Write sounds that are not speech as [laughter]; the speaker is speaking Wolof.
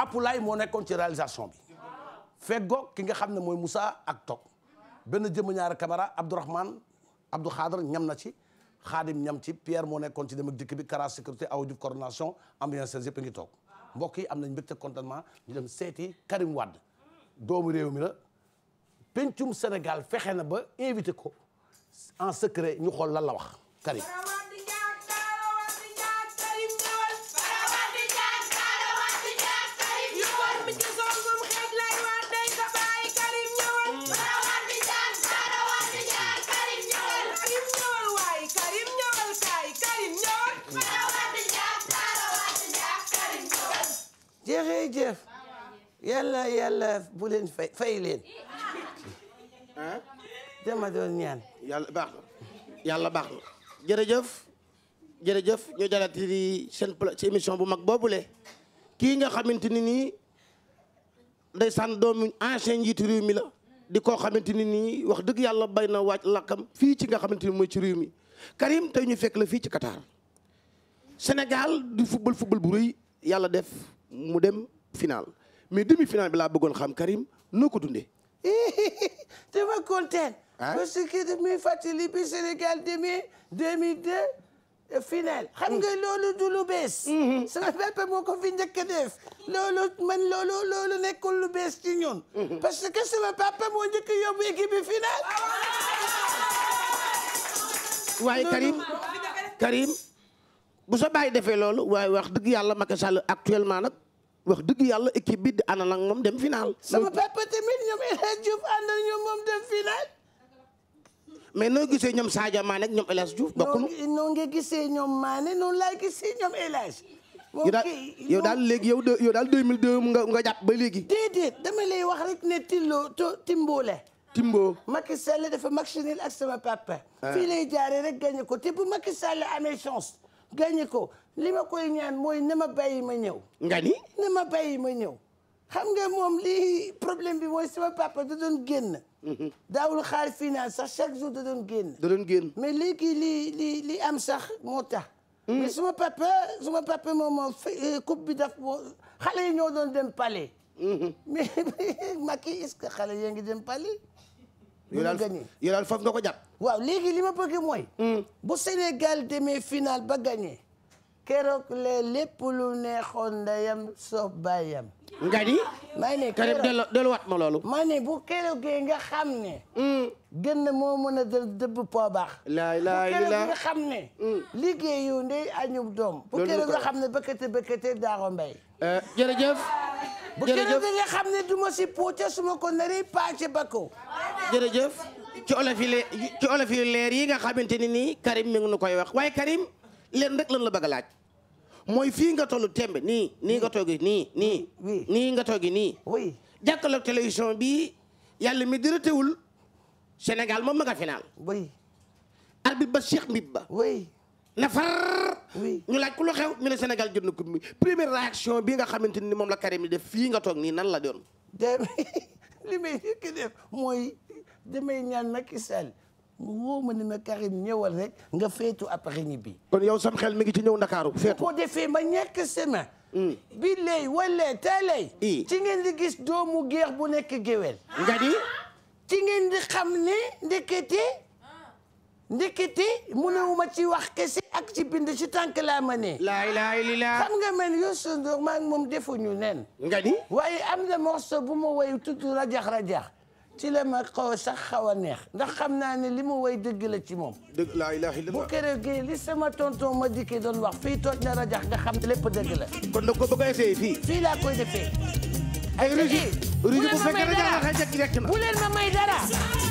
Apulaay moo nekkoon ci réalisation bi feggoog ki nga xam ne mooy musa ak Toog benn jëmm ñaari caméra Abdourahmane Abdou Khadr ñam na ci Khadim ñam ci Pierre moo nekkoon ci dem ak dikk bi Kara sécurité aw Diouf coordination ambiance yëpp a ngi toog mbokk yi am nañ mbégte contentement ñu dem seeti Karim Wade doomu réew mi la pencum Sénégal fexe na ba invité ko en secret ñu xool lan la wax Karim jërëjëf yàlla yàlla bu leen fay fay leen dama doon ñaan yàlla baax na yàlla baax na jërëjëf jërëjëf ñu jalati seen ci émission bu mag boobu boobule kii nga xamante ni nii ndeysaan doomu ancien njiitu réew mi la di koo xamante ni nii wax dëgg yàlla bay na waaj lakkam fii ci nga xamante ni mooy ci réew mi Karim tey ñu fekk la fii ci Qatar Sénégal du football football bu rëy yàlla def mu dem final mais demi final bi laa bëggoon xam Karim noo ko dundee. [laughs] dafa kontaan. parce que muy fàttali bi Sénégal demee 2002 final. xam nga loolu du lu bees. Mhm. sama papa moo ko fi njëkk a def. loolu man loolu loolu lu bees ci ñun. Mhm. parce que sama papa moo njëkk yóbbu équipe bi waaye Karim Karim bu sa bàyyi defee loolu waaye wax dëgg yàlla Macky Sall actuellement nag. wax dëgg yàlla équipe bi ana nag moom dem final. sama papa tamit ñoom El Hadj Diouf ñoom moom dem final. mais noo gisee ñoom Sadio Mané ñoom El Hadj Diouf. bokkul noo ngi gisee ñoom Mané noonu laa gise ñoom El Hadj. moom yow daal léegi yow yow daal 2002 nga nga jàpp ba léegi. déedéet dama lay wax rek ne Tillo to Timbo la. Timbo. Macky Sall dafa ak sama papa. Ah. fii lay jaaree rek gagné ko te bu Macky Sall amee chance. gagné ko li ma koy ñaan mooy ne ma bàyyi ma ñëw. nga ni ne ma bàyyi ma ñëw. xam nga moom lii problème bi mooy sama papa da doon génn. Mhm. daawul xaar finance sax chaque jour da doon génn. da doon génn mais léegi li li li am sax moo tax. Mhm. mais suma papa suma papa moom moom euh, coupe bi daf moo xale yi ñoo doon dem palais. Mhm. [laughs] mais Macky est-ce que xale yaa ngi dem palais. yow daal yow daal foofu nga ko jàpp. waaw léegi li ma bëgg mooy. Hmm. bu Sénégal demee final ba gagné. keroog le lépp lu neexoon ndeyam soob baayam. nga ni. maa ne keroog delloo ma loolu. maa ne bu keroogee nga xam ne. Hmm. gën na moo mën a dë dëbb poo baax. laay laay bu keroog nga xam ne. Hmm. liggéeyu ndey añub doom. bu keroog nga xam ne bëkkate bëkkate daaro mbay. Eh, jërëjëf. bu keroog nga xam ne du ma si ma ko naree pàcc bakko. jërëjëf ci olof leer ci olof yi leer yi nga xamante ne nii Karim mi ngi nu koy wax waaye Karim leen rek lan la bëgg a laaj. mooy fii nga tollu tembe nii nii nga toogi nii nii. nii nga toogi nii. oui jàkkaarloog télévision yàlla mi dara teewul Sénégal moom ma nga final. oui. arbitre ba Cheikh Mbib ba. oui na far. ñu laaj ku lu xew ñu ne Sénégal jot na coupe bi première réaction bi nga xamante ni moom la Karim def fii nga toog nii nan la doon. [laughs] li may njëkk def mooy damay ñaan Macky Sall mu woo ma ne ma Karim ñëwal rek nga feetu après ñibbi. kon yow sam xel mi ngi ci ñëw Ndakaaru feetu defee ma ñàkk sema hmm. bi lay wala taalay ci ngeen di gis doomu geex bu nekk géwél nga di ci ngeen di xam ne ndekete mu ndikiti ma ci wax kese ak ci bind ci tànk laa ma ne laa ilaaha illallaah xam nga man Youssou Ndour maa ngi moom defuñu nen nga ni waaye am na morceau bu ma woy tudd rajax-rajax ci la ma xaw sax xaw a neex ndax xam naa ne li ma woy dëgg la ci moom dëgg laa ilaaha illallaah bu keroogee sama tonton ma dikkee doon wax fii tooj na rajax nga xam lépp dëgg la kon da ko bëgg a essayé fii fii laa koy ay régi bu fekkee ma may dara